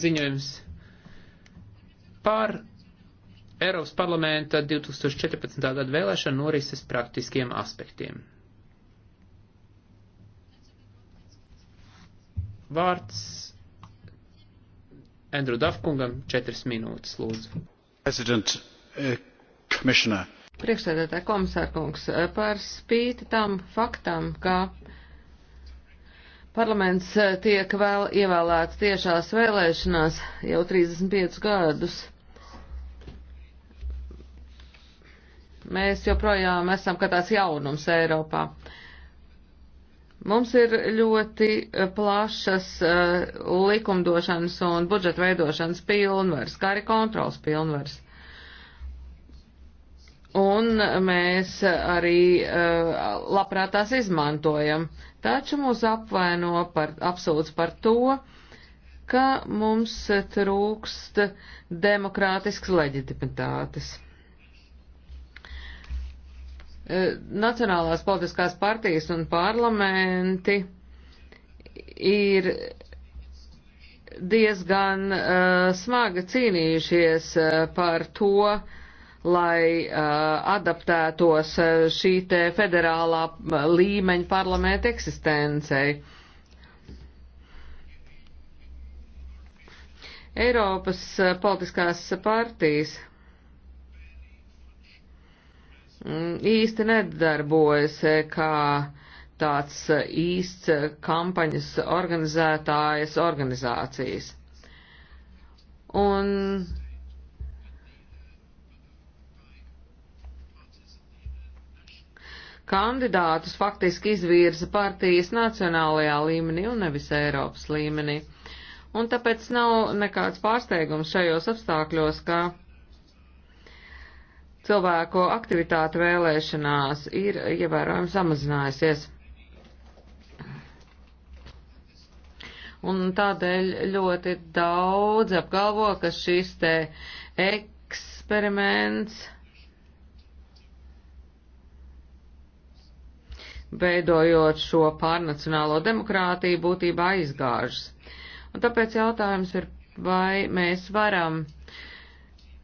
ziņojums par Eiropas parlamenta 2014. gada vēlēšana norises praktiskiem aspektiem. Vārds Andrew Dafkungam četras minūtes, lūdzu. President, uh, eh, Priekšsēdētāja komisārkungs, eh, par spīti tam faktam, ka uh, Parlaments eh, tiek vēl ievēlēts tiešās vēlēšanās jau 35 gadus. Mēs joprojām esam kā tās jaunums Eiropā. Mums ir ļoti eh, plašas uh, likumdošanas un budžeta veidošanas pilnvars, kā arī kontrols pilnvars un mēs arī uh, labprāt tās izmantojam. Taču mūs apvaino par, apsūdz par to, ka mums trūkst demokrātisks leģitimitātes. Uh, Nacionālās politiskās partijas un parlamenti ir diezgan uh, smagi cīnījušies uh, par to, uh, lai uh, adaptētos uh, šī te federālā uh, līmeņa parlamenta eksistencei. Eiropas uh, politiskās partijas mm, īsti nedarbojas kā tāds īsts kampaņas organizētājas organizācijas. Un kandidātus faktiski izvirza partijas nacionālajā līmenī un nevis Eiropas līmenī. Un tāpēc nav nekāds pārsteigums šajos apstākļos, ka cilvēku aktivitāte vēlēšanās ir ievērojami samazinājusies. Un tādēļ ļoti daudz apgalvo, ka šis te eksperiments uh, veidojot šo pārnacionālo demokrātiju, būtībā aizgāžas. Un tāpēc jautājums ir, vai mēs varam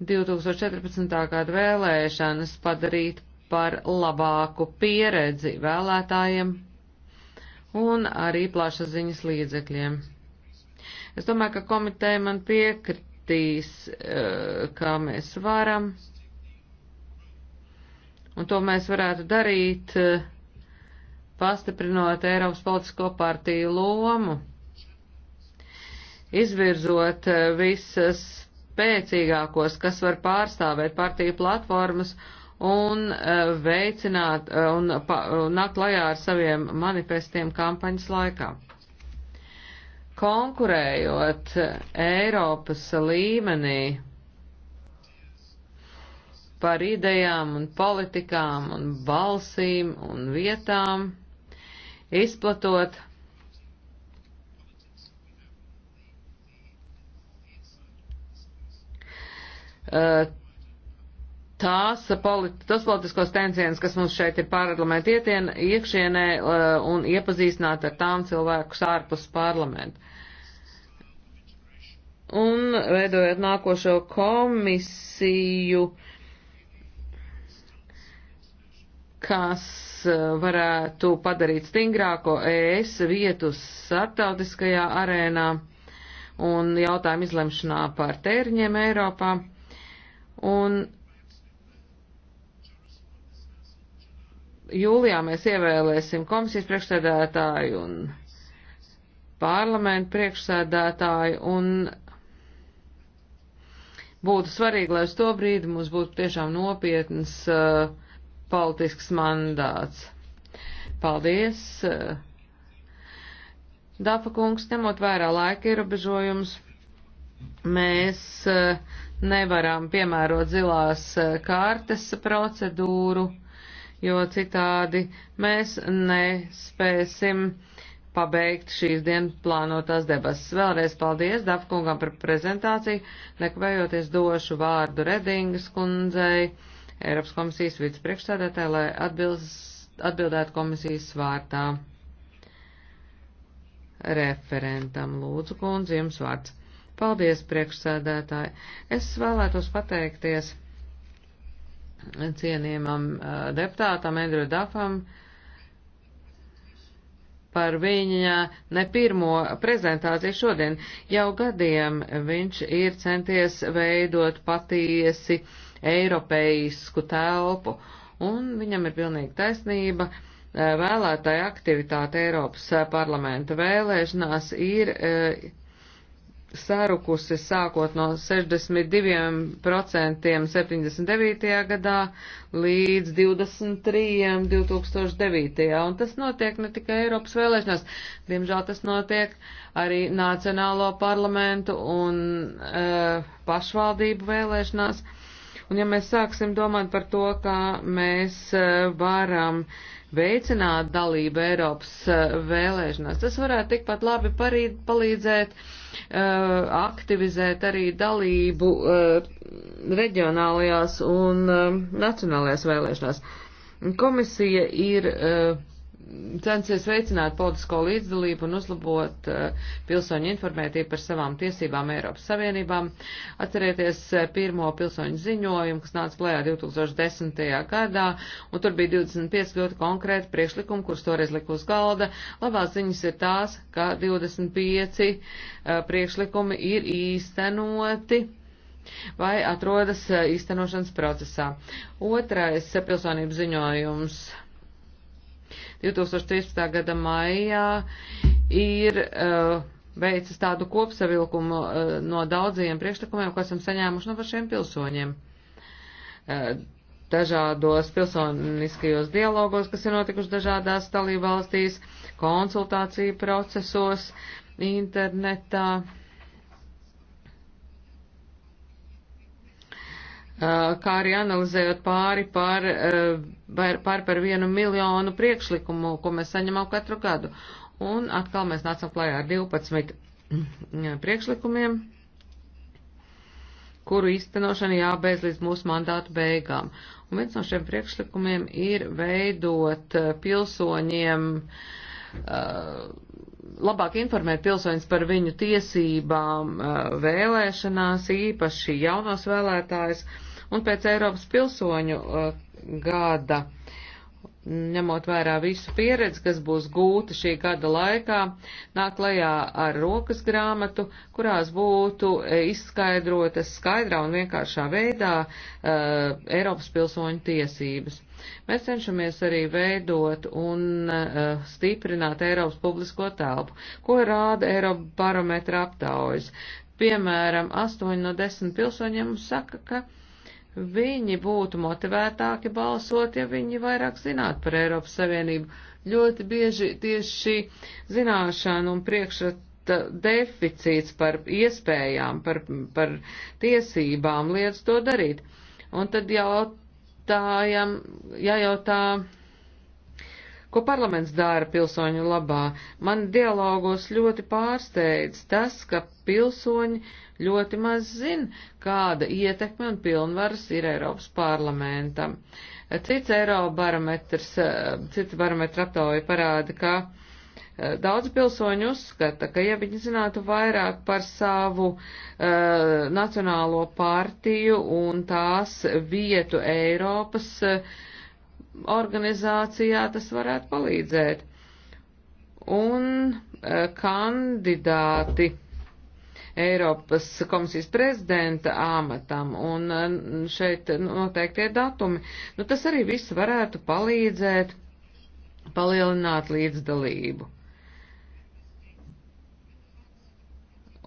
2014. gada vēlēšanas padarīt par labāku pieredzi vēlētājiem un arī plašsaziņas līdzekļiem. Es domāju, ka komiteja man piekritīs, eh, kā mēs varam, un to mēs varētu darīt uh, pastiprinot Eiropas politisko partiju lomu, izvirzot eh, visas spēcīgākos, kas var pārstāvēt partiju platformas un eh, veicināt eh, un nākt lajā ar saviem manifestiem kampaņas laikā. Konkurējot Eiropas līmenī par idejām un politikām un balsīm un vietām, izplatot. Tās politi tas politiskos tenciens, kas mums šeit ir parlamenta iekšienē un iepazīstināt ar tām cilvēkus ārpus parlamenta. Un veidojot nākošo komisiju, kas varētu padarīt stingrāko ES vietu starptautiskajā arēnā un jautājumu izlemšanā par tēriņiem Eiropā. Un jūlijā mēs ievēlēsim komisijas priekšsēdētāju un parlamentu priekšsēdētāju un būtu svarīgi, lai uz to brīdi mums būtu tiešām nopietnas uh, politisks mandāts. Paldies! Dafa kungs, ņemot vērā laika ierobežojums, mēs eh, nevaram piemērot zilās eh, kārtas procedūru, jo citādi mēs nespēsim pabeigt šīs dienas plānotās debases. Vēlreiz paldies Dafkungam par prezentāciju, nekavējoties došu vārdu Redingas kundzei. Eiropas komisijas vicepriekšsēdētāja, lai atbilz, atbildētu komisijas vārtā referentam. Lūdzu, kundze, jums vārds. Paldies, priekšsēdētāji. Es vēlētos pateikties cienījamam deputātam Endru Dafam par viņa ne pirmo prezentāciju šodien. Jau gadiem viņš ir centies veidot patiesi uh, eiropeisku telpu. Un viņam ir pilnīgi taisnība. Eh, vēlētāja aktivitāte Eiropas eh, parlamenta vēlēšanās ir eh, sarukusi sākot no 62% 79. gadā līdz 23. 2009. Un tas notiek ne tikai Eiropas vēlēšanās, diemžēl tas notiek arī Nacionālo parlamentu un uh, pašvaldību vēlēšanās. Uh, Un ja mēs sāksim domāt par to, kā mēs e, varam veicināt dalību Eiropas e, vēlēšanās, tas varētu tikpat labi parīd, palīdzēt e, aktivizēt arī dalību reģionālajās un nacionālajās vēlēšanās. Komisija ir uh, censies veicināt politisko līdzdalību un uzlabot eh, pilsoņu informētību par savām tiesībām Eiropas Savienībām. Atcerieties eh, pirmo pilsoņu ziņojumu, kas nāca klajā 2010. gadā, un tur bija 25 ļoti konkrēti priekšlikumi, kurus toreiz lika uz galda. Labās ziņas ir tās, ka 25 eh, priekšlikumi ir īstenoti vai atrodas īstenošanas procesā. Otrais pilsonības ziņojums 2013. gada maijā ir uh, eh, veicis tādu kopsavilkumu uh, no daudziem priekšlikumiem, ko esam saņēmuši no pašiem pilsoņiem. Uh, dažādos pilsoniskajos dialogos, kas ir notikuši dažādās dalībvalstīs, konsultāciju procesos, internetā kā arī analizējot pāri par, pār par vienu miljonu priekšlikumu, ko mēs saņemam katru gadu. Un atkal mēs nācam klājā ar 12 mm, priekšlikumiem, kuru īstenošana jābeidz līdz mūsu mandātu beigām. Un viens no šiem priekšlikumiem ir veidot pilsoņiem uh, labāk informēt pilsoņus par viņu tiesībām vēlēšanās, īpaši jaunos vēlētājus, un pēc Eiropas pilsoņu uh, gada. Ņemot vērā visu pieredzi, kas būs gūta šī gada laikā, nāk lajā ar rokas grāmatu, kurās būtu eh, izskaidrotas skaidrā un vienkāršā veidā uh, Eiropas pilsoņu tiesības. Mēs cenšamies arī veidot un uh, stiprināt Eiropas publisko telpu, ko rāda Eiropa barometra aptaujas. Piemēram, 8 no 10 pilsoņiem saka, ka Viņi būtu motivētāki balsot, ja viņi vairāk zinātu par Eiropas Savienību. Ļoti bieži tieši zināšana un priekšrata deficīts par iespējām, par, par tiesībām liedz to darīt. Un tad jautājam, jājautā. Ja ko parlaments dara pilsoņu labā. Man dialogos ļoti pārsteidz tas, ka pilsoņi ļoti maz zina, kāda ietekme un pilnvaras ir Eiropas parlamentam. Cits Eirobarometrs, eh, cits barometra aptauja parāda, ka eh, daudz pilsoņu uzskata, ka ja viņi zinātu vairāk par savu uh, nacionālo partiju un tās vietu Eiropas uh, organizācijā, tas varētu palīdzēt. Un uh, kandidāti Eiropas komisijas prezidenta amatam, un šeit noteikti ir datumi. Nu, tas arī viss varētu palīdzēt palielināt līdzdalību.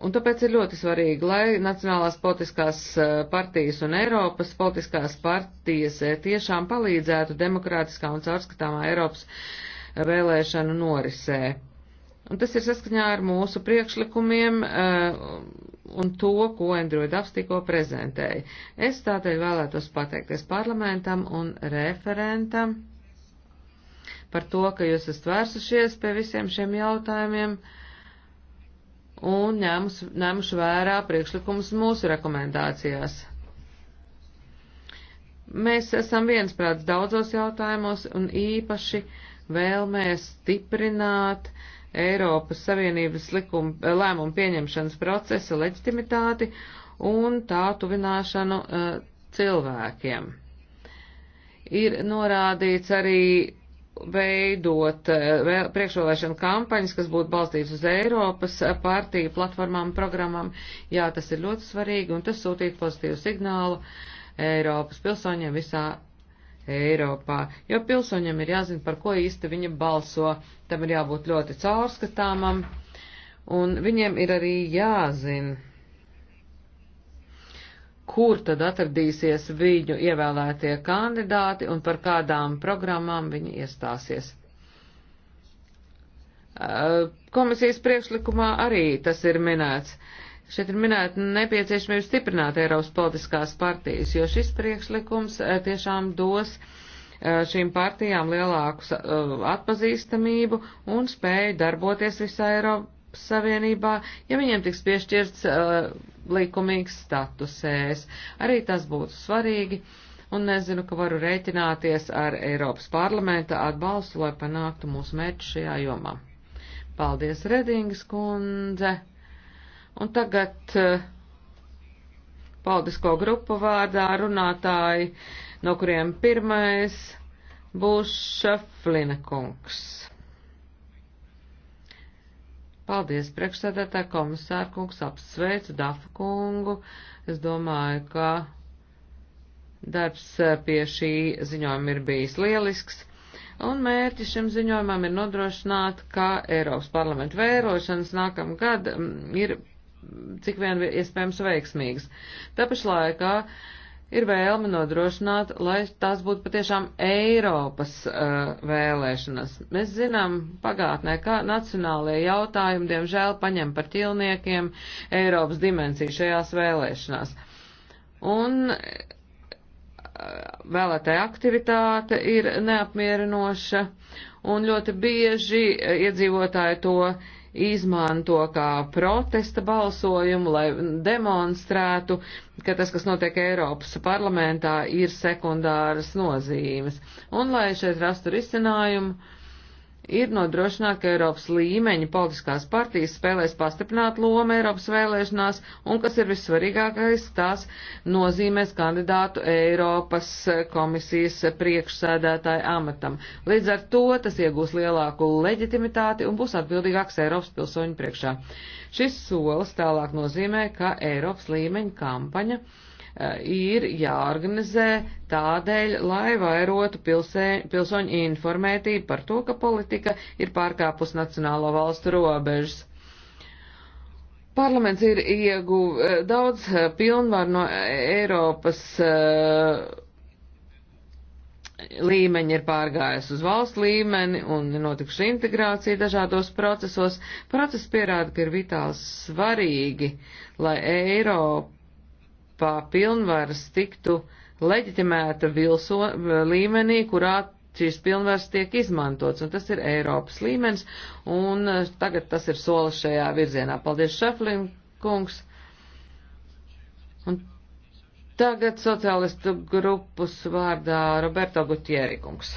Un tāpēc ir ļoti svarīgi, lai Nacionālās politiskās eh, partijas un Eiropas politiskās partijas eh, tiešām palīdzētu demokrātiskā un caurskatāmā Eiropas eh, vēlēšanu norisē. Un tas ir saskaņā ar mūsu priekšlikumiem eh, un to, ko Android apps tikko prezentēja. Es tādēļ vēlētos pateikties parlamentam un referentam par to, ka jūs esat vērsušies pie visiem šiem jautājumiem un ņēmuši vērā priekšlikumus mūsu rekomendācijās. Mēs esam viensprāts daudzos jautājumos un īpaši vēlmēs stiprināt uh, Eiropas Savienības likuma eh, lēmumu pieņemšanas procesa leģitimitāti un tā tuvināšanu uh, cilvēkiem. Ir norādīts arī veidot uh, eh, priekšvēlēšanu kampaņas, kas būtu balstītas uz Eiropas partiju platformām, programmām. Jā, tas ir ļoti svarīgi, un tas sūtītu pozitīvu signālu Eiropas pilsoņiem visā Eiropā, jo pilsoņam ir jāzina, par ko īsti viņi balso, tam ir jābūt ļoti caurskatāmam, un viņiem ir arī jāzina, kur tad atradīsies viņu ievēlētie kandidāti un par kādām programmām viņi iestāsies. Komisijas priekšlikumā arī tas ir minēts. Uh, Šeit ir minēta nepieciešamība stiprināt Eiropas politiskās partijas, jo šis priekšlikums eh, tiešām dos eh, šīm partijām lielāku eh, atpazīstamību un spēju darboties visā Eiropas Savienībā, ja viņiem tiks piešķirts likumīgs statusēs. Arī tas būtu svarīgi, un nezinu, ka varu rēķināties ar Eiropas parlamenta atbalstu, lai panāktu mūsu mērķi šajā jomā. Paldies, Redingas kundze! Un tagad eh, paldisko grupu vārdā runātāji, no kuriem pirmais būs Šaflina kungs. Paldies, priekšsēdētā komisāra kungs, apsveicu Dafa kungu. Es domāju, ka darbs eh, pie šī ziņojuma ir bijis lielisks. Un mērķis šim ziņojumam ir nodrošināt, ka Eiropas parlamenta vērošanas nākamgad mm, ir cik vien iespējams veiksmīgas. Tāpaš laikā ir vēlme nodrošināt, lai tās būtu patiešām Eiropas uh, vēlēšanas. Mēs zinām pagātnē, kā nacionālajie jautājumi, diemžēl, paņem par ķilniekiem Eiropas dimensiju šajās vēlēšanās. Un vēlētāja aktivitāte ir neapmierinoša, un ļoti bieži iedzīvotāji to izmanto kā protesta balsojumu, lai demonstrētu, ka tas, kas notiek Eiropas parlamentā, ir sekundāras nozīmes. Un lai šeit rastu risinājumu, ir nodrošināt, ka Eiropas līmeņa politiskās partijas spēlēs pastiprināt lomu Eiropas vēlēšanās un, kas ir vissvarīgākais, tās nozīmēs kandidātu Eiropas komisijas priekšsēdētāju amatam. Līdz ar to tas iegūs lielāku leģitimitāti un būs atbildīgāks Eiropas pilsoņu priekšā. Šis solis tālāk nozīmē, ka Eiropas līmeņa kampaņa Eh, ir jāorganizē tādēļ, lai vairotu pilsē, pilsoņu informētību par to, ka politika ir pārkāpus nacionālo valstu robežas. Parlaments ir ieguv eh, daudz eh, pilnvaru no Eiropas līmeņi ir pārgājis uz valsts līmeni un notikuši integrācija dažādos procesos. Process pierāda, ka ir vitāli svarīgi, lai Eiropa Eiropā pilnvaras tiktu leģitimēta vilso, līmenī, kurā šīs pilnvaras tiek izmantots, un tas ir Eiropas līmenis, un eh, tagad tas ir solis šajā virzienā. Paldies, Šeflin kungs. Un tagad sociālistu grupas vārdā Roberto Gutieri kungs.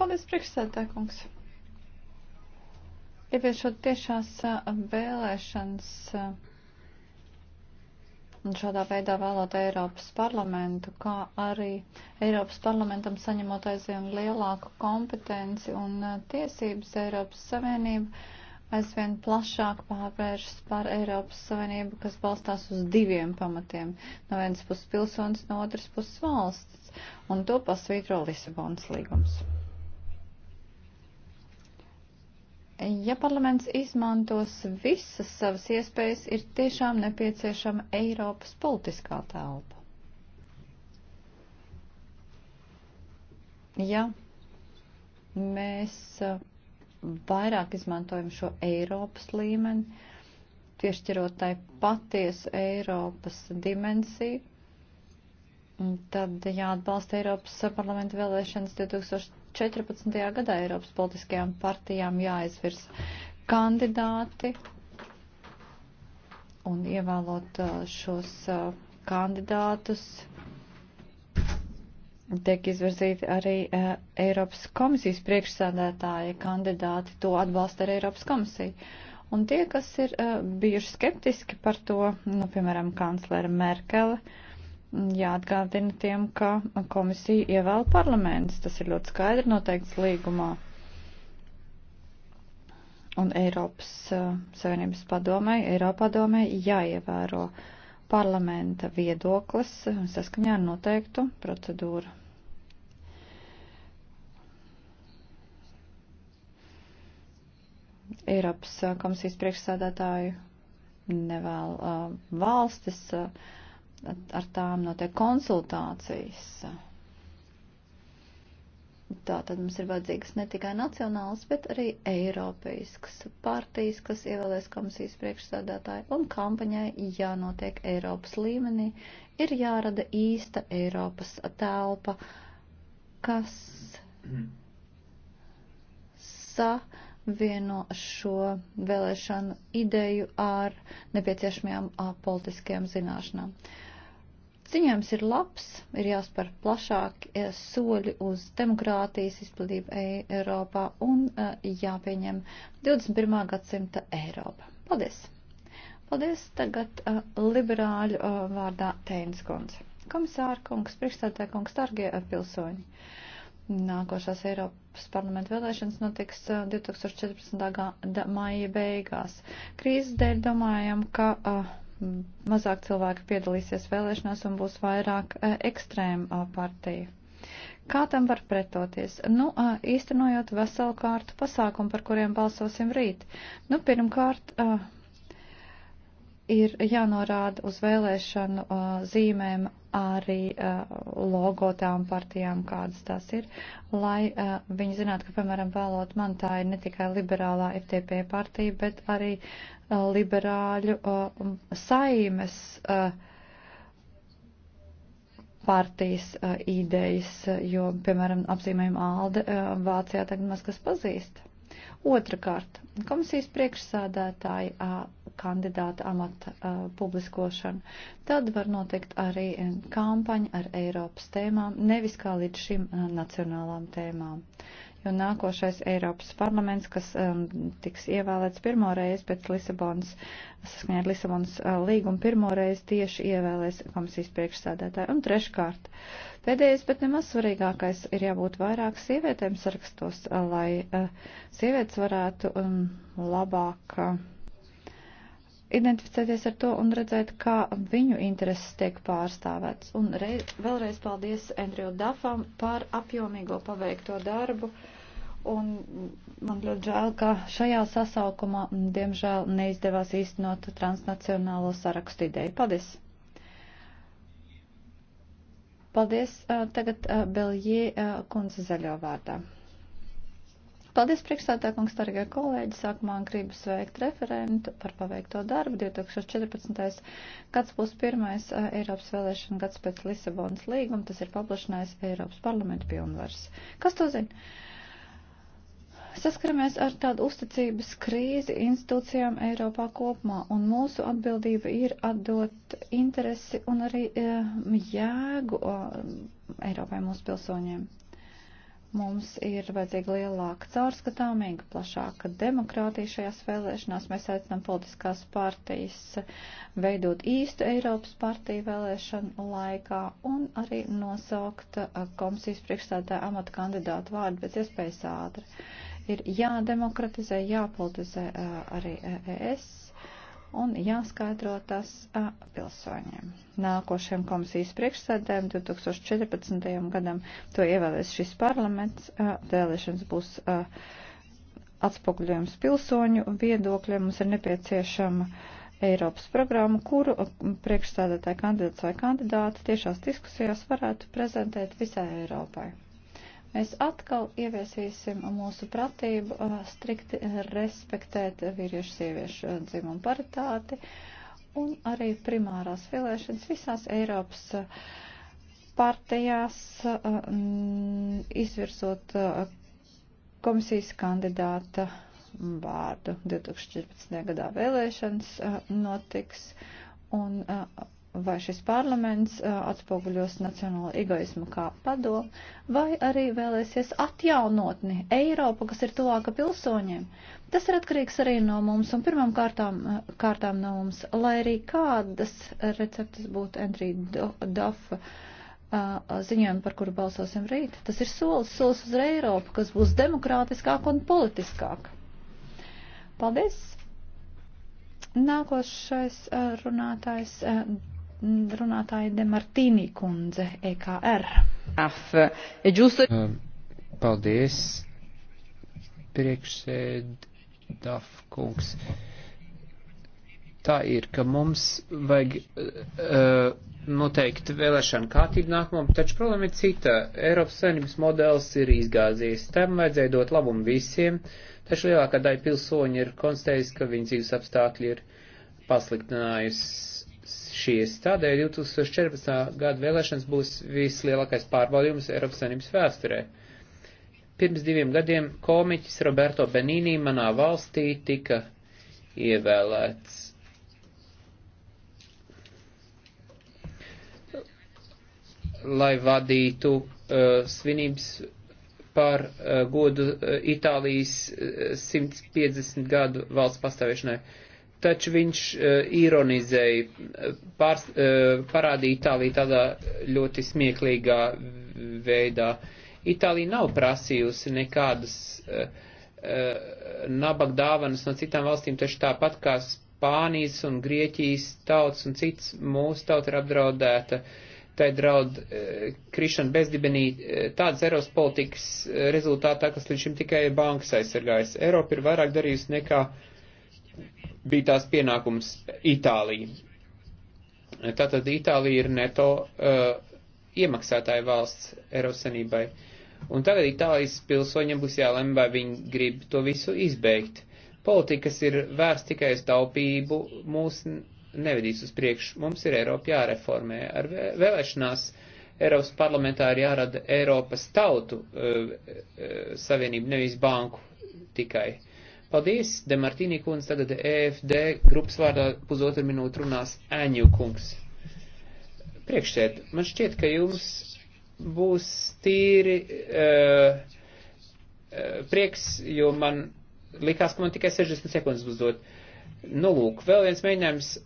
Paldies, priekšsēdētāj kungs. Ieviešot tiešās eh, vēlēšanas. Uh, Un šādā veidā vēlot Eiropas parlamentu, kā arī Eiropas parlamentam saņemot aizvien lielāku kompetenci un uh, tiesības Eiropas Savienību, aizvien plašāk pārvēršas par Eiropas Savienību, kas balstās uz diviem pamatiem. No vienas puses pilsonis, no otras puses valsts. Un to pasvītro Lisabonas līgums. Ja parlaments izmantos visas savas iespējas, ir tiešām nepieciešama Eiropas politiskā telpa. Ja mēs uh, vairāk izmantojam šo Eiropas līmeni, piešķirot tai patiesu Eiropas dimensiju, tad jāatbalsta Eiropas parlamenta vēlēšanas 2000. 14. gadā Eiropas politiskajām partijām jāizvirs kandidāti un ievēlot uh, šos uh, kandidātus tiek izvirzīti arī uh, Eiropas komisijas priekšsādētāja kandidāti, to atbalsta arī Eiropas komisija. Un tie, kas ir uh, bijuši skeptiski par to, nu, piemēram, kanclere Merkele, uh, jāatgādina tiem, ka komisija ievēl parlaments. Tas ir ļoti skaidri noteikts līgumā. Un Eiropas uh, Savienības padomē, Eiropā domē jāievēro parlamenta viedoklis saskaņā ar noteiktu procedūru. Eiropas uh, komisijas priekšsādātāju nevēl uh, valstis. Uh, ar tām notiek konsultācijas. Tā tad mums ir vajadzīgas ne tikai nacionālas, bet arī eiropeiskas partijas, kas ievēlēs komisijas priekšsādātāju, un kampaņai jānotiek Eiropas līmenī, ir jārada īsta Eiropas telpa, kas savieno šo vēlēšanu ideju ar nepieciešamajām politiskajām zināšanām. Uh, Ziņojums ir labs, ir jāspēr plašāk eh, soļi uz demokrātijas izplatību Eiropā un eh, jāpieņem 21. gadsimta Eiropa. Paldies! Paldies tagad eh, liberāļu vārdā Tēnis Kons. Komisāra kungs, priekšstādē kungs, dargie pilsoņi. Nākošās Eiropas parlamenta vēlēšanas notiks 2014. gada maija beigās. Krīzes dēļ domājam, ka uh, mazāk cilvēki piedalīsies vēlēšanās un būs vairāk eh, ekstrēma eh, partija. Kā tam var pretoties? Nu, eh, īstenojot veselu kārtu pasākumu, par kuriem balsosim rīt. Nu, pirmkārt, ir jānorāda uz vēlēšanu zīmēm arī logo tām partijām, kādas tās ir, lai viņi zinātu, ka, piemēram, vēlot man tā ir ne tikai liberālā FTP partija, bet arī Uh, liberāļu uh, saimes uh, partijas idejas, jo, piemēram, apzīmējumu ALDE Vācijā tagad maz kas pazīst. Otrakārt, komisijas priekšsādētāja kandidāta amata uh, publiskošanu. Tad var notikt arī um, kampaņa ar Eiropas tēmām, nevis kā līdz šim nacionālām tēmām. Uh, jo nākošais Eiropas parlaments, kas um, tiks ievēlēts pirmo reizi pēc Lisabonas, saskaņā ar Lisabonas uh, līgumu, pirmo reizi tieši ievēlēs komisijas priekšsādātāju. Un treškārt, pēdējais, bet nemaz svarīgākais, ir jābūt vairāk sievietēm sarakstos, uh, lai uh, sievietes varētu um, labāk. Uh, identificēties ar to un redzēt, kā viņu intereses tiek pārstāvētas. Un rei, vēlreiz paldies Andriju Dafam par apjomīgo paveikto darbu. Un man ļoti žēl, ka šajā sasaukumā, mm, diemžēl, neizdevās īstenot transnacionālo sarakstu ideju. Paldies! Paldies tagad Beljī kundze zaļo vārdā. Paldies, priekšstādā kungs, targie kolēģi. Sākumā gribu sveikt referentu par paveikto darbu. 2014. gads būs pirmais Eiropas vēlēšana gads pēc Lisabonas līguma. Tas ir paplašinājis Eiropas parlamentu pilnvars. Kas to zina? saskaramies ar tādu uzticības krīzi institūcijām Eiropā kopumā, un mūsu atbildība ir atdot interesi un arī um, jēgu um, Eiropai mūsu pilsoņiem. Mums ir vajadzīga lielāka caurskatāmīga, plašāka demokrātija šajās vēlēšanās. Mēs aicinām politiskās partijas veidot īstu Eiropas partiju vēlēšanu laikā un arī nosaukt uh, komisijas priekšstādāja amata kandidātu vārdu pēc iespējas ātri. Uh, ir jādemokratizē, jāpolitizē arī ES un jāskaidro tas a, pilsoņiem. Nākošajam komisijas priekšsēdēm 2014. gadam to ievēlēs šis parlaments, a, vēlēšanas būs a, atspoguļojums pilsoņu viedokļiem, mums ir nepieciešama Eiropas programma, kuru priekšstādātāja kandidāts vai kandidāti tiešās diskusijās varētu prezentēt visai Eiropai. Mēs atkal ieviesīsim mūsu pratību strikti respektēt vīriešu sieviešu dzimumu paritāti un arī primārās filēšanas visās Eiropas partijās izvirzot komisijas kandidāta vārdu. 2014. gadā vēlēšanas notiks un vai šis parlaments atspoguļos nacionālo egoismu kā padomu, vai arī vēlēsies atjaunotni Eiropu, kas ir tuvāka pilsoņiem. Tas ir atkarīgs arī no mums un pirmām kārtām, kārtām no mums, lai arī kādas receptes būtu Andrī Dafa ziņojumi, par kuru balsosim rīt. Tas ir solis, solis uz Eiropu, kas būs demokrātiskāk un politiskāk. Paldies! Nākošais runātājs runātāja Demartīnī kundze, EKR. E paldies, priekšsēd, Daf kungs. Tā ir, ka mums vajag uh, noteikti vēlēšana kārtība nākamam, taču problēma ir cita. Eiropas saimnības modelis ir izgāzies. Tam vajadzēja dot labumu visiem, taču lielākā daļa pilsoņi ir konstatējusi, ka viņas dzīves apstākļi ir pasliktinājusi šīs. Tādēļ 2014. gada vēlēšanas būs vislielākais pārbaudījums Eiropas Savienības vēsturē. Pirms diviem gadiem komiķis Roberto Benīnī manā valstī tika ievēlēts. lai vadītu uh, svinības par uh, godu uh, Itālijas uh, 150 gadu valsts pastāvēšanai. Uh, taču viņš uh, ironizēja, eh, pārs, uh, parādīja Itāliju tādā ļoti smieklīgā veidā. Itālija nav prasījusi nekādas uh, uh, nabaga dāvanas no citām valstīm, taču tāpat kā Spānijas un Grieķijas tauts un cits mūsu tauta ir apdraudēta. Tā ir draud uh, krišana bezdibenī tādas Eiropas politikas rezultātā, kas līdz šim tikai bankas aizsargājas. Eiropa ir vairāk darījusi nekā uh, bija tās pienākums Itālija. Tātad Itālija ir neto uh, iemaksātāja valsts Eiropas Sanībai. Un tagad Itālijas pilsoņiem būs jālem, vai viņi grib to visu izbeigt. Politikas ir vērsts tikai uz taupību, mūs nevedīs uz priekšu. Mums ir Eiropa jāreformē. Ar vēlēšanās Eiropas parlamentā ir jārada Eiropas tautu uh, uh, savienība, nevis banku tikai. Paldies, Demartīnī kundze, tagad EFD grupas vārdā pusotru minūtu runās Ēņu kungs. Priekšsēd, man šķiet, ka jums būs tīri uh, prieks, jo man likās, ka man tikai 60 sekundes būs dot. Nu, lūk, vēl viens mēģinājums e,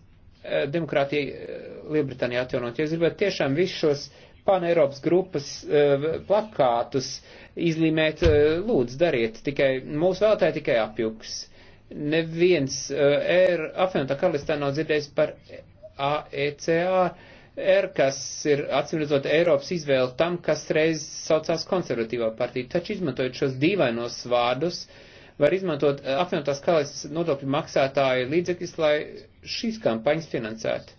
demokrātiju Lielbritānijā atjaunot. Ja es gribētu tiešām visus šos paneiropas grupas eh, plakātus izlīmēt, eh, lūdzu, dariet, tikai mūsu vēlētāji tikai apjuks. Neviens er, apvienotā karalistē nav dzirdējis par AECA, er, kas ir atsimredzot Eiropas izvēle tam, kas reiz saucās konservatīvā partija. Taču izmantojot šos dīvainos vārdus, var izmantot apvienotās karalistes nodokļu maksātāju līdzekļus, lai šīs kampaņas finansētu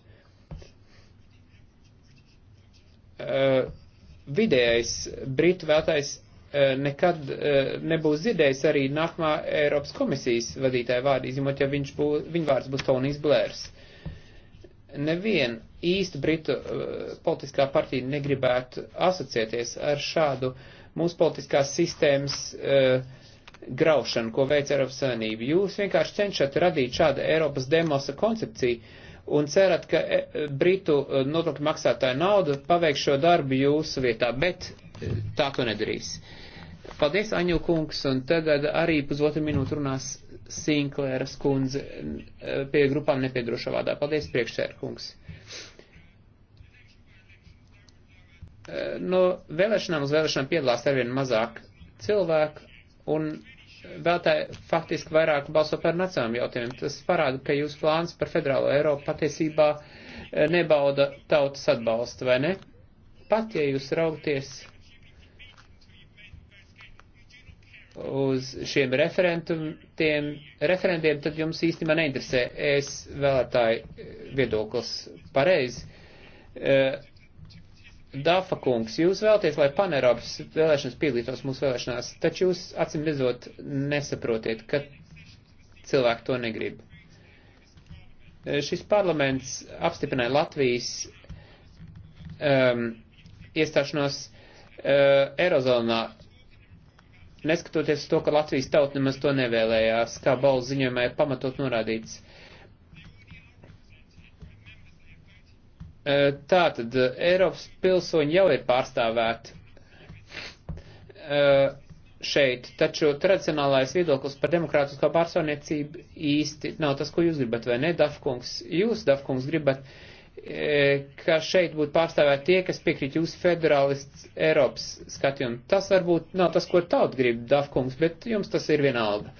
uh, vidējais britu vēltais uh, eh, nekad uh, nebūs dzirdējis arī nākamā Eiropas komisijas vadītāja vārdu, izņemot, ja viņš bū, viņa vārds būs Tonijs Blērs. Nevien īsta britu uh, politiskā partija negribētu asociēties ar šādu mūsu politiskās sistēmas uh, graušanu, ko veic Eiropas Savienība. Jūs vienkārši cenšat radīt šādu Eiropas demosa koncepciju, uh, un cerat, ka e, Britu e, nodokļu maksātāju naudu paveiks šo darbu jūsu vietā, bet e, tā to nedarīs. Paldies, Aņu kungs, un tagad arī pusotru minūtu runās Sinklēras kundze pie grupām nepiedrošā vārdā. Paldies, priekšsēra kungs. No vēlēšanām uz vēlēšanām piedalās arvien mazāk cilvēku, un vēlētāji faktiski vairāk balso par nacionāliem jautājumiem. Tas parāda, ka jūsu plāns par federālo Eiropu patiesībā e, nebauda tautas atbalstu, vai ne? Pat ja jūs raugties uz šiem referentiem, tad jums īstenībā neinteresē es vēlētāju e, viedoklis pareizi. E, Dafa kungs, jūs vēlaties, lai Paneropas vēlēšanas piedalītos mūsu vēlēšanās, taču jūs acim redzot nesaprotiet, ka cilvēki to negrib. E, šis parlaments apstiprināja Latvijas um, iestāšanos uh, Eirozonā, neskatoties to, ka Latvijas tauta nemaz to nevēlējās, kā balss ziņojumā ir pamatot norādīts. Uh, Tātad Eiropas pilsoņi jau ir pārstāvēti šeit, taču tradicionālais viedoklis par demokrātisko pārstāvniecību īsti nav tas, ko jūs gribat, vai ne, Dafkungs? Jūs, Dafkungs, gribat, ka šeit būtu pārstāvēti tie, kas piekrīt jūsu federālists Eiropas skatījumu. Tas varbūt nav tas, ko tauta grib, Dafkungs, bet jums tas ir vienalga.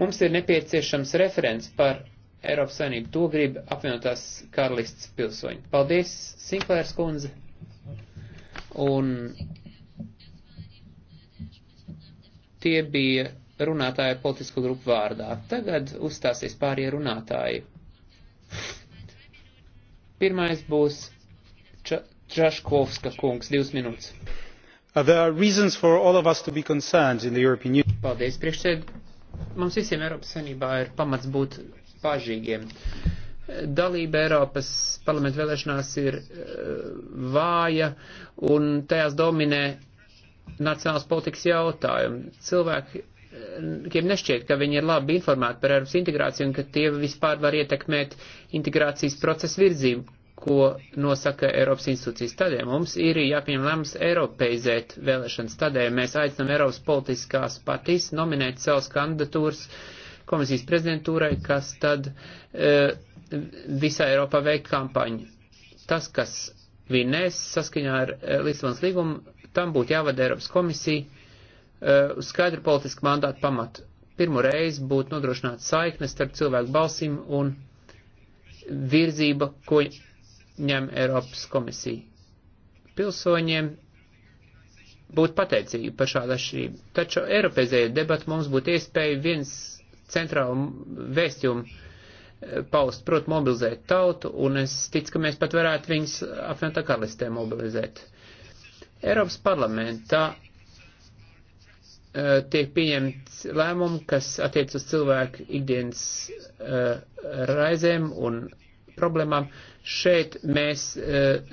Mums ir nepieciešams referents par Eiropas Savienība. To grib apvienotās karalists pilsoņi. Paldies, Sinklērs kundze. Un tie bija runātāja politisko grupu vārdā. Tagad uzstāsies pārie runātāji. Pirmais būs Ča Čaškovska kungs, divas minūtes. Uh, there are reasons for all of us to be concerned in the European Union. Paldies, priekšsēd. Mums visiem Eiropas Savienībā ir pamats būt bāžīgiem. Dalība Eiropas parlamenta vēlēšanās ir eh, vāja un tajās dominē nacionāls politikas jautājumi. Cilvēki eh, kiem nešķiet, ka viņi ir labi informēti par Eiropas integrāciju un ka tie vispār var ietekmēt integrācijas procesu virzību, ko nosaka Eiropas institūcijas. Tādēļ mums ir jāpieņem lēmums Eiropeizēt vēlēšanas. Tādēļ mēs aicinām Eiropas politiskās partijas nominēt savus kandidatūras uh, komisijas prezidentūrai, kas tad e, visā Eiropā veik kampaņu. Tas, kas vinēs saskaņā ar e, Lisabonas līgumu, tam būtu jāvada Eiropas komisija e, uz e, skaidru politisku mandātu pamatu. Pirmo reizi būtu nodrošināta saikne starp cilvēku balsīm un virzība, ko ņem Eiropas komisija. Pilsoņiem būtu pateicīgi par šādu atšķirību. Taču Eiropēzēja debata mums būtu iespēja viens centrālu vēstījumu eh, paust, proti, mobilizēt tautu, un es ticu, ka mēs pat varētu viņus apvienotā karalistē mobilizēt. Eiropas parlamentā eh, tiek pieņemts lēmumi, kas attiec uz cilvēku ikdienas uh, raizēm un problēmām. Šeit mēs uh,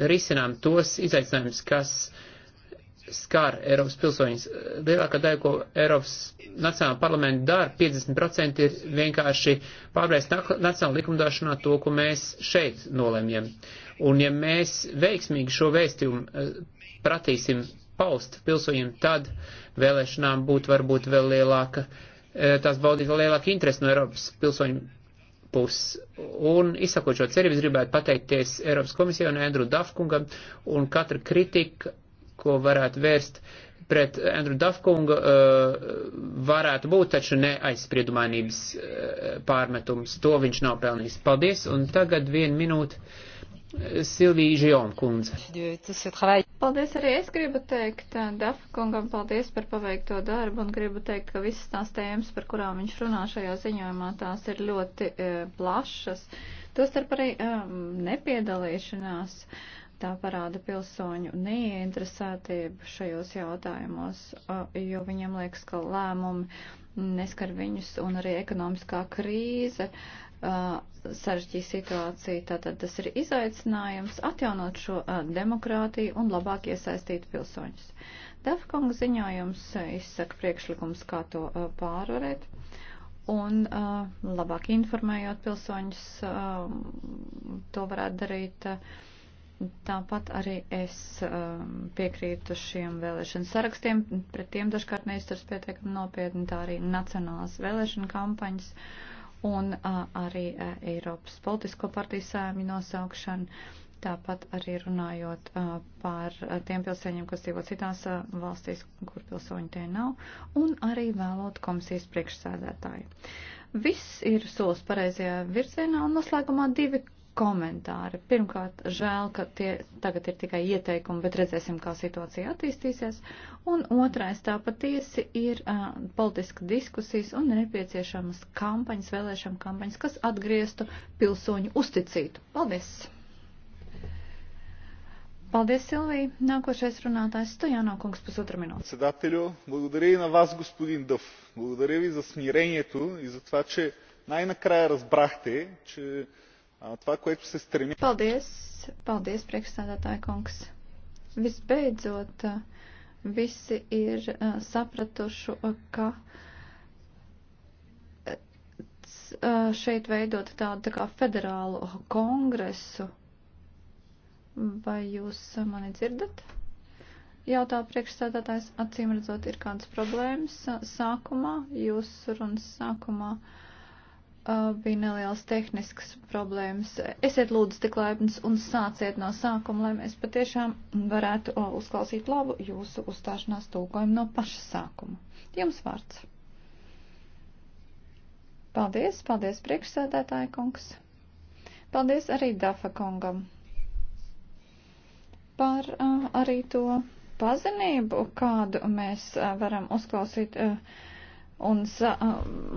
risinām tos izaicinājumus, kas uh, skar Eiropas pilsoņus. Lielākā daļa, ko Eiropas Nacionāla parlamenta dara, 50% ir vienkārši pārvērst nacionāla likumdošanā to, ko mēs šeit nolēmjam. Un ja mēs veiksmīgi šo vēstījumu eh, pratīsim paust pilsoņiem, tad vēlēšanām būtu varbūt vēl lielāka, eh, tās baudīt vēl lielāka interesi no Eiropas pilsoņu puses. Un izsakot šo cerību, gribētu pateikties Eiropas komisijai un Andru Dafkungam, un katra kritika ko varētu vērst pret Andru Dafkungu, eh, varētu būt taču neaizspriedumainības eh, pārmetums. To viņš nav pelnījis. Paldies, un tagad vienu minūtu. Eh, Silvija Žiona kundze. Paldies arī es gribu teikt Dafa kungam, paldies par paveikto darbu un gribu teikt, ka visas tās tēmas, par kurām viņš runā šajā ziņojumā, tās ir ļoti e, plašas. Tostarp arī e, nepiedalīšanās. E, Tā parāda pilsoņu neieinteresētību šajos jautājumos, jo viņiem liekas, ka lēmumi neskar viņus un arī ekonomiskā krīze sarežģīja situāciju. Tātad tas ir izaicinājums atjaunot šo demokrātiju un labāk iesaistīt pilsoņus. Dafkonga ziņojums izsaka priekšlikums, kā to pārvarēt. Un uh, labāk informējot pilsoņus, uh, to varētu darīt. Uh, Tāpat arī es um, piekrītu šiem vēlēšanu sarakstiem, pret tiem dažkārt neizturas pietiekami nopietni, tā arī nacionālās vēlēšana kampaņas un uh, arī uh, Eiropas politisko partiju sēmi nosaukšana. Tāpat arī runājot uh, par uh, tiem pilsēņiem, kas dzīvo citās uh, valstīs, kur pilsoņi tie nav, un arī vēlot komisijas priekšsēdētāju. Viss ir solis pareizajā virzienā, un noslēgumā divi komentāri. Pirmkārt, žēl, ka tie tagad ir tikai ieteikumi, bet redzēsim, kā situācija attīstīsies. Un otrais, tā patiesi ir uh, politiska diskusijas un nepieciešamas kampaņas, vēlēšana kampaņas, kas atgrieztu pilsoņu uzticītu. Paldies! Paldies, Silvija. Nākošais runātājs Stojāno kungs pusotra minūte. Председателю, благодаря и на вас, господин Дъв. Благодаря ви за смирението и за това, че най-накрая разбрахте, че Paldies, paldies, priekšstādātāja kungs. Visbeidzot, visi ir sapratuši, ka šeit veidot tādu tā kā federālu kongresu. Vai jūs mani dzirdat? Jautā priekšstādātājs, acīm redzot, ir kādas problēmas sākumā, jūsu runas sākumā. Uh, bija nelielas tehniskas problēmas. Esiet lūdzu tik laipns un sāciet no sākuma, lai mēs patiešām varētu uzklausīt labu jūsu uzstāšanās tulkojumu no paša sākuma. Jums vārds. Paldies, paldies priekšsēdētāja kungs. Paldies arī Dafa kungam par uh, arī to pazinību, kādu mēs uh, varam uzklausīt. Uh, un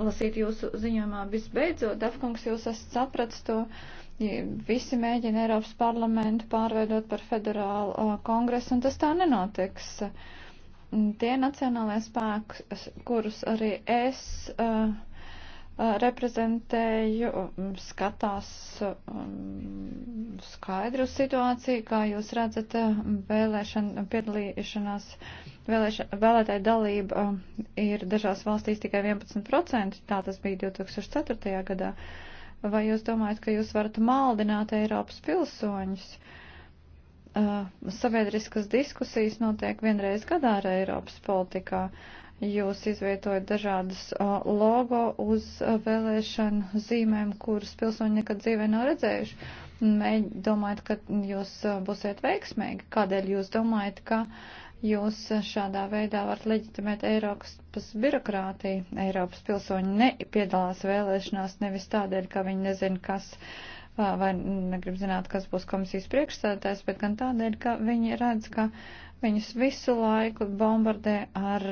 lasīt jūsu ziņojumā. Visbeidzot, Dafkungs, jūs esat sapratis to, visi mēģina Eiropas parlamentu pārveidot par federālu kongresu, un tas tā nenotiks. Tie nacionālajie spēki, kurus arī es. Uh, Uh, reprezentēju, um, skatās um, skaidru situāciju, kā jūs redzat, um, vēlēšana piedalīšanās, vēlēšana, vēlētāja dalība ir dažās valstīs tikai 11%, tā tas bija 2004. gadā. Vai jūs domājat, ka jūs varat maldināt Eiropas pilsoņus? Uh, sabiedriskas diskusijas notiek vienreiz gadā ar Eiropas politikā. Jūs izvietojat dažādas uh, logo uz uh, vēlēšanu zīmēm, kuras pilsoņi nekad dzīvē nav redzējuši. Mēģ, domājat, ka jūs uh, būsiet veiksmīgi? Kādēļ jūs domājat, ka jūs šādā veidā varat leģitimēt Eiropas birokrātiju? Eiropas pilsoņi nepiedalās vēlēšanās nevis tādēļ, ka viņi nezina, kas vai negrib zināt, kas būs komisijas priekšstādātājs, bet gan tādēļ, ka viņi redz, ka viņus visu laiku bombardē ar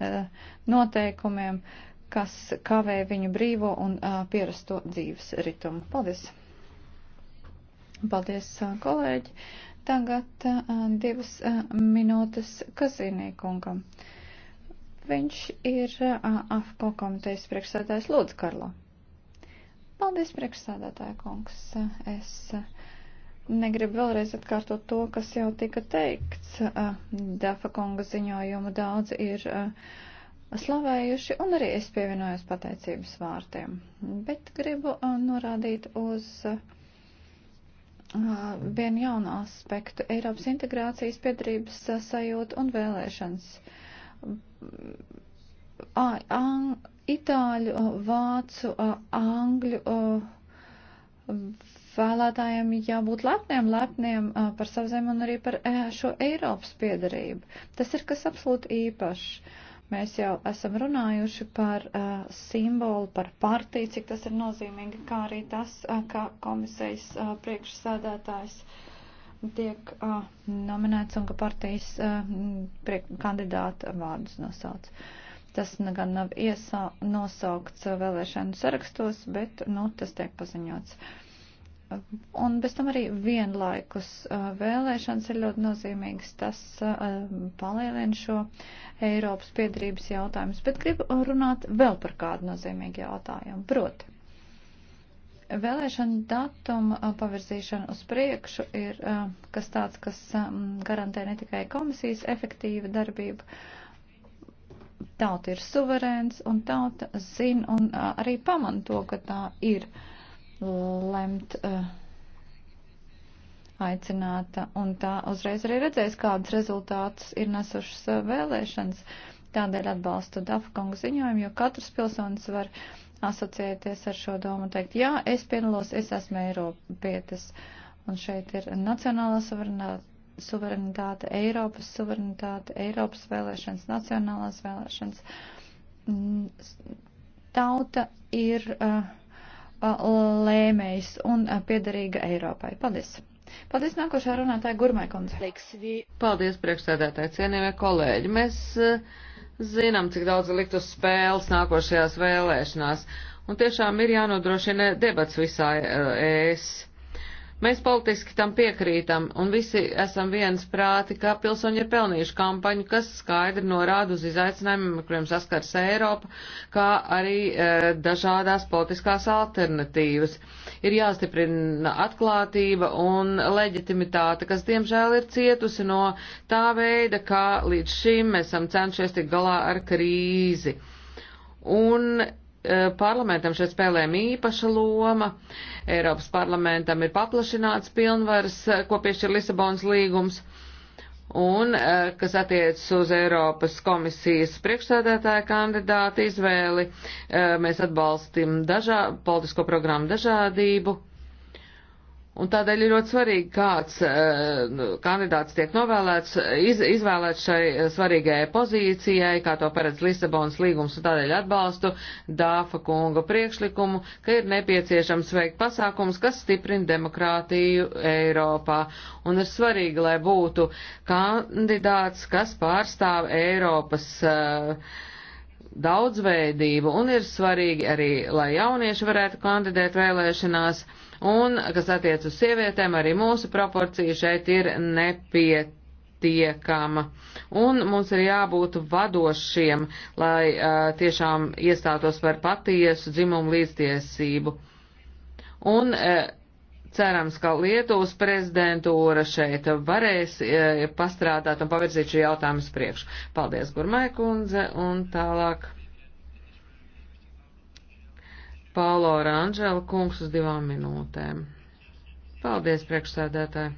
Eh, noteikumiem, kas kavē viņu brīvo un eh, pierasto dzīves ritumu. Paldies! Paldies, eh, kolēģi! Tagad divas minūtes kazīniekungam. Viņš ir AFCO komitejas priekšsēdājs Lūdzu Karlo. Paldies, priekšsēdētāja kungs. Es uh, Negribu vēlreiz atkārtot to, kas jau tika teikts. Dafa kunga ziņojumu daudz ir slavējuši, un arī es pievienojos pateicības vārtiem. Bet gribu norādīt uz vienu jaunu aspektu - Eiropas integrācijas piedarības sajūtu un vēlēšanas. Itāļu, vācu, angļu vēlētājiem jābūt lepniem, lepniem par savu zemi un arī par šo Eiropas piedarību. Tas ir kas absolūti īpašs. Mēs jau esam runājuši par uh, simbolu, par partiju, cik tas ir nozīmīgi, kā arī tas, uh, ka komisijas uh, priekšsēdētājs tiek uh, nominēts un ka partijas uh, priek, kandidāta vārdus nosauc. Tas nu gan nav iesā, nosaukts vēlēšanu sarakstos, bet nu, tas tiek paziņots. Uh, Un bez tam arī vienlaikus vēlēšanas ir ļoti nozīmīgas. Tas palielina šo Eiropas piedarības jautājumus. Bet gribu runāt vēl par kādu nozīmīgu jautājumu. Proti, vēlēšana datuma pavirzīšana uz priekšu ir kas tāds, kas garantē ne tikai komisijas efektīvu darbību. Tauta ir suverēns un tauta zina un arī pamanto, ka tā ir. Uh, lemt uh, aicināta, un tā uzreiz arī redzēs, kādus rezultātus ir nesušas uh, vēlēšanas. Tādēļ atbalstu Dafkongu ziņojumu, jo katrs pilsonis var asociēties ar šo domu un teikt, jā, es piedalos, es esmu Eiropietis. Un šeit ir nacionālā suverenitāte suverenitāte, Eiropas suverenitāte, Eiropas vēlēšanas, nacionālās vēlēšanas. Mm, tauta ir uh, lēmējs un piederīga Eiropai. Paldies! Paldies nākošā runātāja Gurmai kundze. Paldies priekšsēdētāji, cienījamie kolēģi. Mēs zinām, cik daudz likt uz spēles nākošajās vēlēšanās. Un tiešām ir jānodrošina debats visā ES. Mēs politiski tam piekrītam un visi esam viens prāti, ka pilsoņi ir pelnījuši kampaņu, kas skaidri norāda uz izaicinājumiem, ar kuriem saskars Eiropa, kā arī e, dažādās politiskās alternatīvas. Ir jāstiprina atklātība un leģitimitāte, kas diemžēl ir cietusi no tā veida, kā līdz šim mēs esam cenšies tik galā ar krīzi. Un Eh, parlamentam šeit spēlējama īpaša loma. Eiropas parlamentam ir paplašināts pilnvaras, eh, ko piešķir Lisabonas līgums. Un, eh, kas attiecas uz Eiropas komisijas priekšsēdētāja kandidātu izvēli, mēs atbalstim dažā, politisko programmu dažādību Un tādēļ ir ļoti svarīgi, kāds uh, kandidāts tiek novēlēts, iz, izvēlēts šai eh, svarīgajai pozīcijai, kā to paredz Lisabonas līgums, un tādēļ atbalstu Dāfa kunga priekšlikumu, ka ir nepieciešams veikt pasākums, kas stiprina demokrātiju Eiropā. Un ir svarīgi, lai būtu kandidāts, kas pārstāv Eiropas. Uh, daudzveidību un ir svarīgi arī, lai jaunieši varētu kandidēt vēlēšanās. Uh, Un, kas attiec uz sievietēm, arī mūsu proporcija šeit ir nepietiekama. Un mums ir jābūt vadošiem, lai uh, tiešām iestātos par patiesu dzimumu līdztiesību. Un uh, cerams, ka Lietuvas prezidentūra šeit varēs uh, pastrādāt un pavirzīt šo jautājumu uz priekšu. Paldies, Gurmai kundze, un tālāk. Paulo Rangela kungs uz divām minūtēm. Paldies, priekšsēdētāji!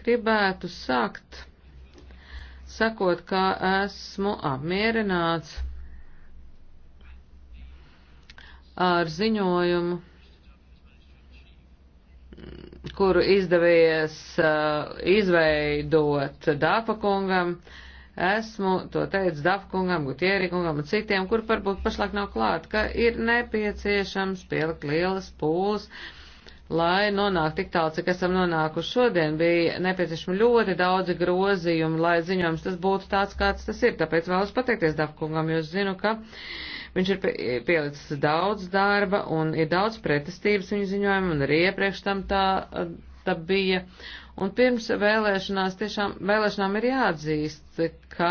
Gribētu sākt, sakot, ka esmu apmierināts ar ziņojumu, kuru izdevies uh, izveidot Dāpa kungam. Uh, Esmu to teicis Dafkungam, Gutierikungam un citiem, kur varbūt pašlaik nav klāt, ka ir nepieciešams pielikt lielas pūles, lai nonāktu tik tālu, cik esam nonākuši šodien. Bija nepieciešami ļoti daudzi grozījumi, lai ziņojums tas būtu tāds, kāds tas ir. Tāpēc vēlos pateikties Dafkungam, jo es zinu, ka viņš ir pielicis daudz darba un ir daudz pretestības viņa ziņojumam, un arī iepriekš tam tā, tā bija Un pirms vēlēšanās tiešām vēlēšanām ir jāatzīst, ka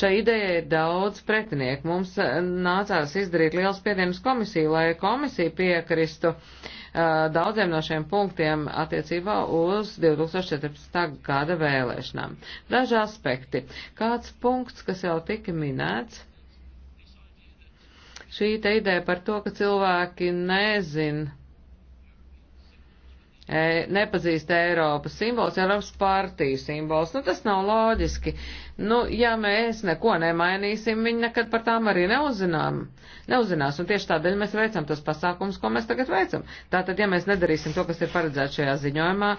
šai idejai ir daudz pretinieku. Mums eh, nācās izdarīt liels spiedienus komisiju, lai komisija piekristu uh, daudziem no šiem punktiem attiecībā uz 2014. gada vēlēšanām. Daži aspekti. Kāds punkts, kas jau tika minēts? Šī te ideja par to, ka cilvēki nezina, E, nepazīst Eiropas simbols, Eiropas partiju simbols. Nu, tas nav loģiski. Nu, ja mēs neko nemainīsim, viņi nekad par tām arī neuzinām, neuzinās. Un tieši tādēļ mēs veicam tos pasākums, ko mēs tagad veicam. Tātad, ja mēs nedarīsim to, kas ir paredzēts šajā ziņojumā,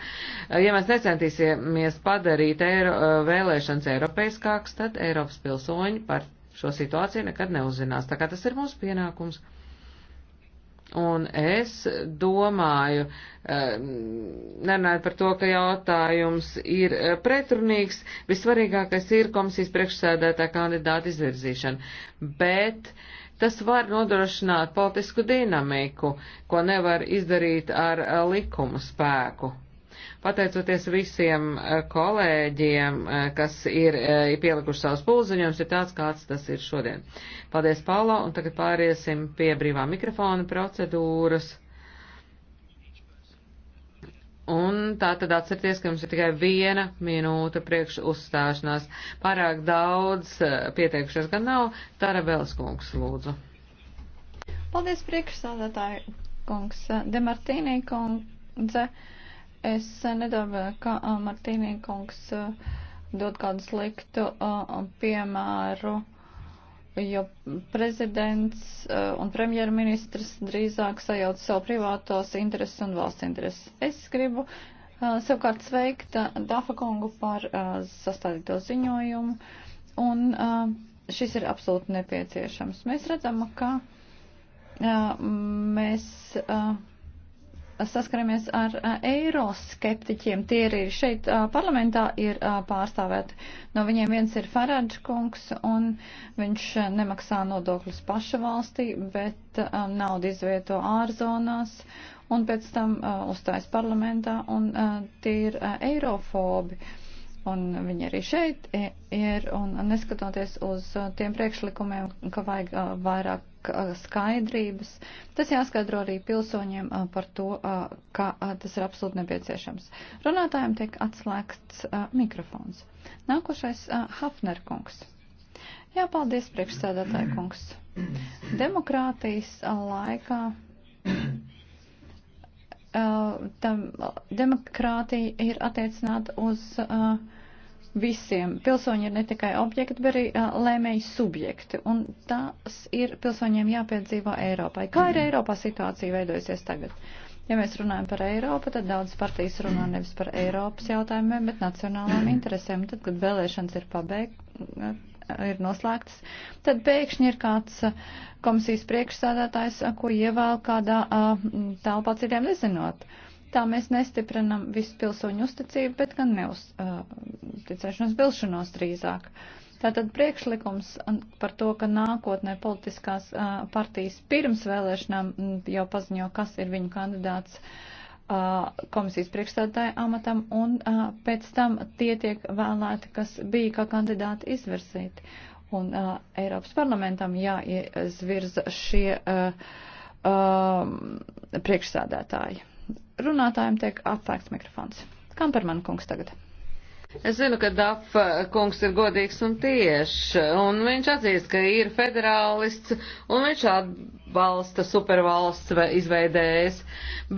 ja mēs necentīsimies padarīt Eiro, e, vēlēšanas eiropeiskāks, tad Eiropas pilsoņi par šo situāciju nekad neuzinās. Tā kā tas ir mūsu pienākums. Un es domāju, ehm, nerunājot par to, ka jautājums ir eh, pretrunīgs, vissvarīgākais ir komisijas priekšsēdētā kandidāta izvirzīšana, bet tas var nodrošināt politisku dinamiku, ko nevar izdarīt ar eh, likumu spēku. Pateicoties visiem eh, kolēģiem, eh, kas eh, ir pielikuši savus pūziņus, ir tāds, kāds tas ir šodien. Paldies, Paulo, un tagad pāriesim pie brīvā mikrofona procedūras. Un tā tad atcerieties, ka jums ir tikai viena minūte priekš uzstāšanās. Pārāk daudz pieteikušies gan nav. Tāra Velskungs, lūdzu. Paldies, priekšsādātāji kungs. Demartīnī kundze. Uh, Es nedomāju, ka Martīnī kungs dod kādu sliktu piemēru, jo prezidents un premjerministrs drīzāk sajauc savu privātos intereses un valsts intereses. Es gribu savukārt sveikt Dafa kungu par sastādīto ziņojumu, un šis ir absolūti nepieciešams. Mēs redzam, ka mēs. Uh, saskaramies ar eiroskeptiķiem. Tie arī šeit parlamentā ir pārstāvēti. No viņiem viens ir Farage kungs, un viņš nemaksā nodokļus paša valstī, bet naudu izvieto ārzonās, un pēc tam uzstājas parlamentā, un tie ir eirofobi. Un viņi arī šeit ir, un neskatoties uz tiem priekšlikumiem, ka vajag vairāk skaidrības. Tas jāskaidro arī pilsoņiem par to, ka tas ir absolūti nepieciešams. Runātājiem tiek atslēgts mikrofons. Nākošais Hafner kungs. Jā, paldies, priekšsēdētāji kungs. Demokrātijas laikā demokrātija ir attiecināta uz uh, visiem. Pilsoņi ir ne tikai objekti, bet arī lēmēji subjekti, un tas ir pilsoņiem jāpiedzīvo Eiropai. Kā ir Eiropā situācija veidojusies tagad? Ja mēs runājam par Eiropu, tad daudz partijas runā nevis par Eiropas jautājumiem, bet nacionālām interesēm. Tad, kad vēlēšanas ir pabeigts, ir noslēgtas, tad pēkšņi ir kāds komisijas priekšsādātājs, ko ievēl kādā telpā citiem nezinot. Tā mēs nestiprinam visu pilsoņu uzticību, bet gan neuz, uh, ticēšanos vilšanos drīzāk. Tātad priekšlikums par to, ka nākotnē politiskās partijas pirms vēlēšanām jau paziņo, kas ir viņu kandidāts komisijas priekšstādātāja amatam, un pēc tam tie tiek vēlēti, kas bija kā kandidāti izvirzīti. Un Eiropas parlamentam jāizvirza šie priekšstādātāji. Runātājiem tiek atslēgts mikrofons. Kamperman kungs tagad. Es zinu, ka Dafa kungs ir godīgs un tieši, un viņš atzīst, ka ir federālists, un viņš atbalsta supervalsts izveidējs,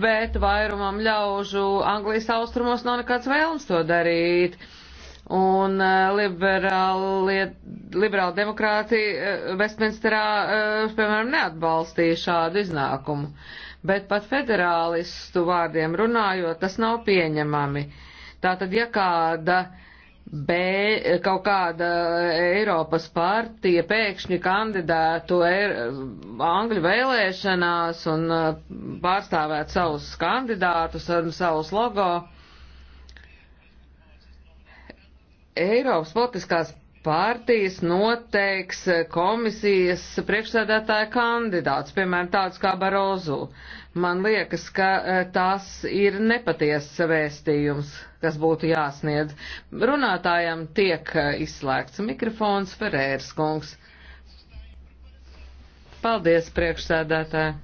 bet vairumam ļaužu Anglijas austrumos nav nekāds vēlms to darīt. Un eh, liberāli, liberāli demokrāti eh, Westminsterā, eh, piemēram, neatbalstīja šādu iznākumu. Bet pat federālistu vārdiem runājot, tas nav pieņemami. Uh, Tātad, ja kāda B, kaut kāda Eiropas partija pēkšņi kandidētu Eir Angļu vēlēšanās un uh, pārstāvēt savus kandidātus ar savus logo, Eiropas politiskās partijas noteiks komisijas priekšsēdētāja kandidāts, piemēram, tāds kā Barozu. Man liekas, ka eh, tas ir nepatiesas vēstījums, kas būtu jāsniedz. Runātājam tiek eh, izslēgts mikrofons Ferērs kungs. Paldies, priekšsēdētāji!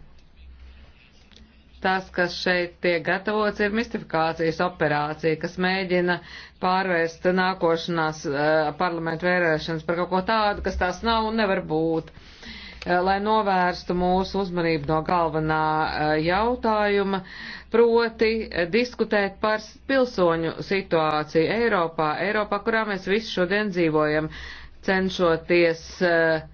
tas, kas šeit tiek gatavots, ir mistifikācijas operācija, kas mēģina pārvērst nākošanās uh, parlamentu vērēšanas par kaut ko tādu, kas tās nav un nevar būt. Uh, lai novērstu mūsu uzmanību no galvenā uh, jautājuma, proti diskutēt par pilsoņu situāciju Eiropā, Eiropā, kurā mēs visi šodien dzīvojam, cenšoties uh,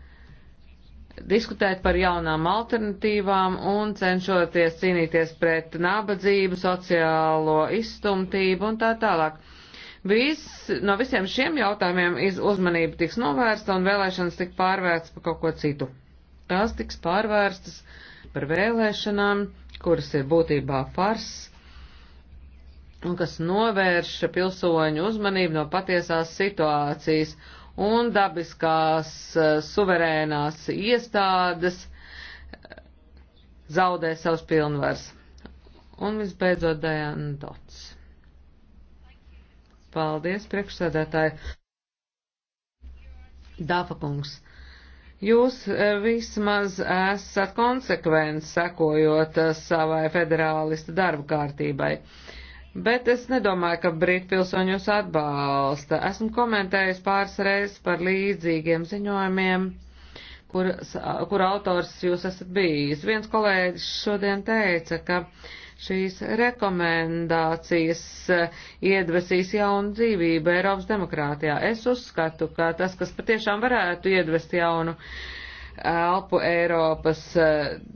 diskutēt par jaunām alternatīvām un cenšoties cīnīties pret nabadzību, sociālo izstumtību un tā tālāk. Vis, no visiem šiem jautājumiem iz uzmanība tiks novērsta un vēlēšanas tik pārvērstas par kaut ko citu. Tās tiks pārvērstas par vēlēšanām, kuras ir būtībā fars un kas novērš pilsoņu uzmanību no patiesās situācijas un dabiskās eh, suverēnās iestādes eh, zaudē savus pilnvars. Un visbeidzot, Dajana Dots. Paldies, priekšsēdētāji. Dāfa kungs. Jūs eh, vismaz esat konsekvents sekojot savai federālista darba kārtībai. Uh, bet es nedomāju, ka Brīt pilsoņus atbalsta. Esmu komentējis pāris reizes par līdzīgiem ziņojumiem, kur, kur autors jūs esat bijis. Viens kolēģis šodien teica, ka šīs rekomendācijas iedvesīs jaunu dzīvību Eiropas demokrātijā. Es uzskatu, ka tas, kas patiešām varētu iedvest jaunu elpu Eiropas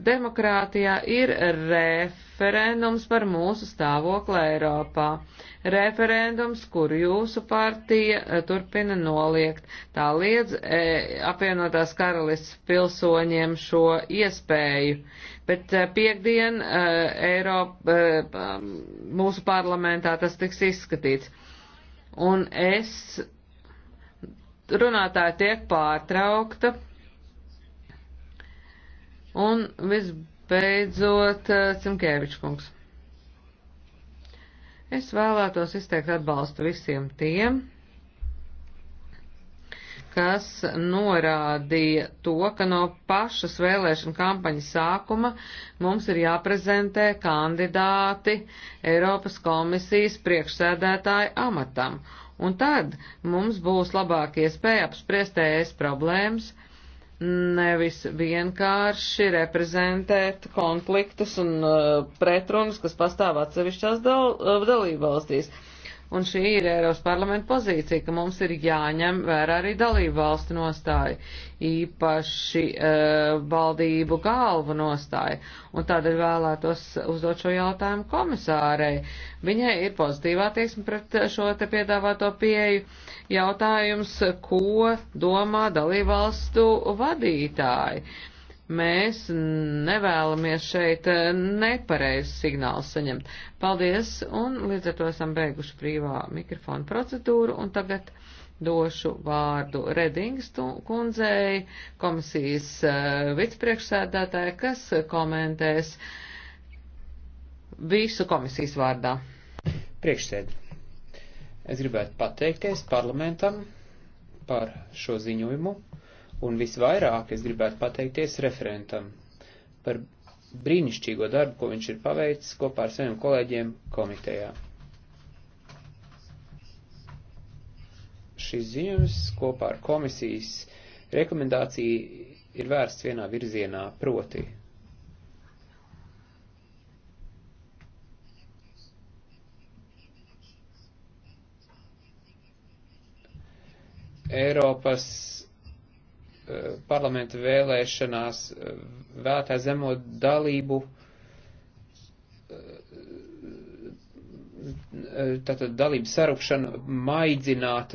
demokrātijā, ir ref referendums par mūsu stāvokli Eiropā. Referendums, kur jūsu partija eh, turpina noliegt. Tā liedz e, apvienotās karalists pilsoņiem šo iespēju. Bet e, piekdien e, Eiropa, e, mūsu parlamentā tas tiks izskatīts. Un es runātāja tiek pārtraukta. Un visbeidzot Visbeidzot, Cimkēvičs eh, kungs. Es vēlētos izteikt atbalstu visiem tiem, kas norādīja to, ka no pašas vēlēšana kampaņas sākuma mums ir jāprezentē kandidāti Eiropas komisijas priekšsēdētāju amatam. Un tad mums būs labāka iespēja apspriest ES problēmas, uh, nevis vienkārši reprezentēt konfliktus un uh, pretrunas, kas pastāv atsevišķās dal, uh, dalībvalstīs. Uh, Un šī ir Eiropas parlamenta pozīcija, ka mums ir jāņem vērā arī dalību valstu nostāja, īpaši uh, valdību galvu nostāja. Un tādēļ vēlētos uzdot šo jautājumu komisārei. Viņai ir pozitīvā tieksme pret šo te piedāvāto pieeju. Jautājums, ko domā dalību valstu vadītāji? Uh, Mēs nevēlamies šeit eh, nepareizi signālu saņemt. Paldies, un līdz ar to esam beiguši brīvā mikrofona procedūru, un tagad došu vārdu Redings kundzei, komisijas uh, vicepriekšsēdētāja, kas komentēs visu komisijas vārdā. Priekšsēd. Es gribētu pateikties parlamentam par šo ziņojumu. Un visvairāk es gribētu pateikties referentam par brīnišķīgo darbu, ko viņš ir paveicis kopā ar saviem kolēģiem komitejā. Šis ziņojums kopā ar komisijas rekomendāciju ir vērsts vienā virzienā, proti Eiropas Eh, parlamenta vēlēšanās eh, vēlētā zemo dalību, eh, tātad dalību sarukšanu maidzināt,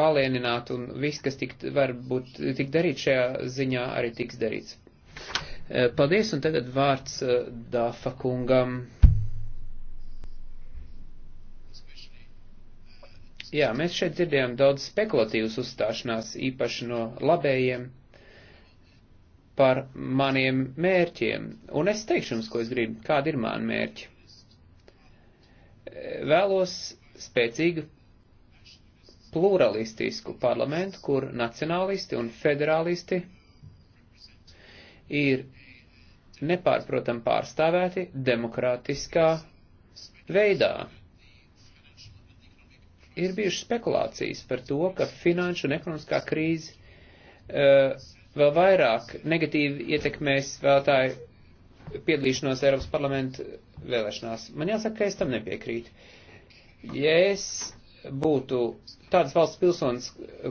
palēnināt un viss, kas tik, var būt tik darīt šajā ziņā, arī tiks darīts. Paldies, un tagad vārds Dāfa kungam. Jā, mēs šeit dzirdējām daudz spekulatīvas uzstāšanās, īpaši no labējiem par maniem mērķiem. Un es teikšu jums, ko es gribu, kādi ir mani mērķi. Vēlos spēcīgu pluralistisku parlamentu, kur nacionālisti un federālisti ir nepārprotam pārstāvēti demokrātiskā veidā. Ir bijušas spekulācijas par to, ka finanšu un ekonomiskā krīze uh, vēl vairāk negatīvi ietekmēs vēlētāju piedalīšanos Eiropas parlamentu vēlēšanās. Man jāsaka, ka es tam nepiekrītu. Ja es būtu tāds valsts pilsonis,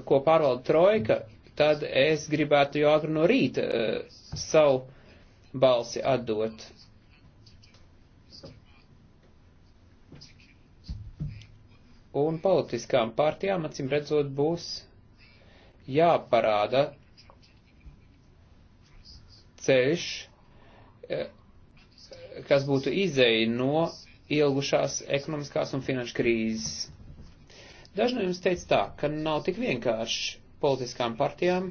ko pārvalda trojka, tad es gribētu jau agri no rīta uh, savu balsi atdot. Un politiskām partijām, acīm redzot, būs jāparāda ceļš, e, kas būtu izēja no ilgušās ekonomiskās un finanšu krīzes. Daži no jums teica tā, ka nav tik vienkārši politiskām partijām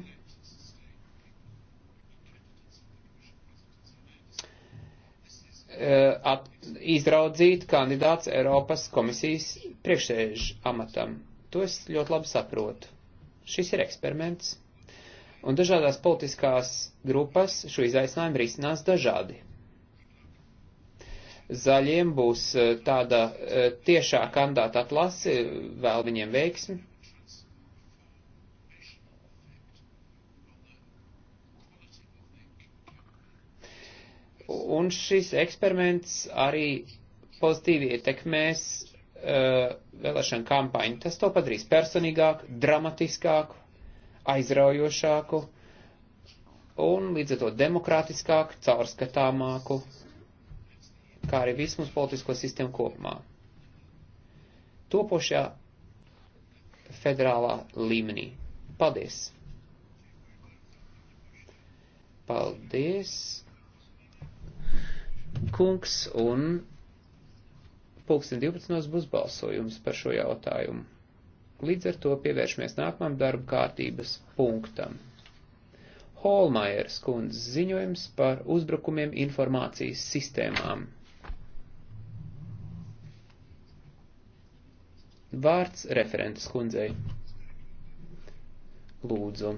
e, at, izraudzīt kandidāts Eiropas komisijas priekšsēžu amatam. To es ļoti labi saprotu. Šis ir eksperiments un dažādās politiskās grupas šo izaicinājumu risinās dažādi. Zaļiem būs e, tāda e, tiešā kandidāta atlase, vēl viņiem veiksmi. Un šis eksperiments arī pozitīvi ietekmēs uh, vēlēšana kampaņu. Tas to padarīs personīgāk, dramatiskāk, aizraujošāku un līdz ar to demokrātiskāku, caurskatāmāku, kā arī visu mūsu politisko sistēmu kopumā. Topošajā federālā līmenī. Paldies! Paldies, kungs, un pulksten 12. būs balsojums par šo jautājumu. Līdz ar to pievēršamies nākamam darba kārtības punktam. Holmajers kundz ziņojums par uzbrukumiem informācijas sistēmām. Vārds referentes kundzei. Lūdzu.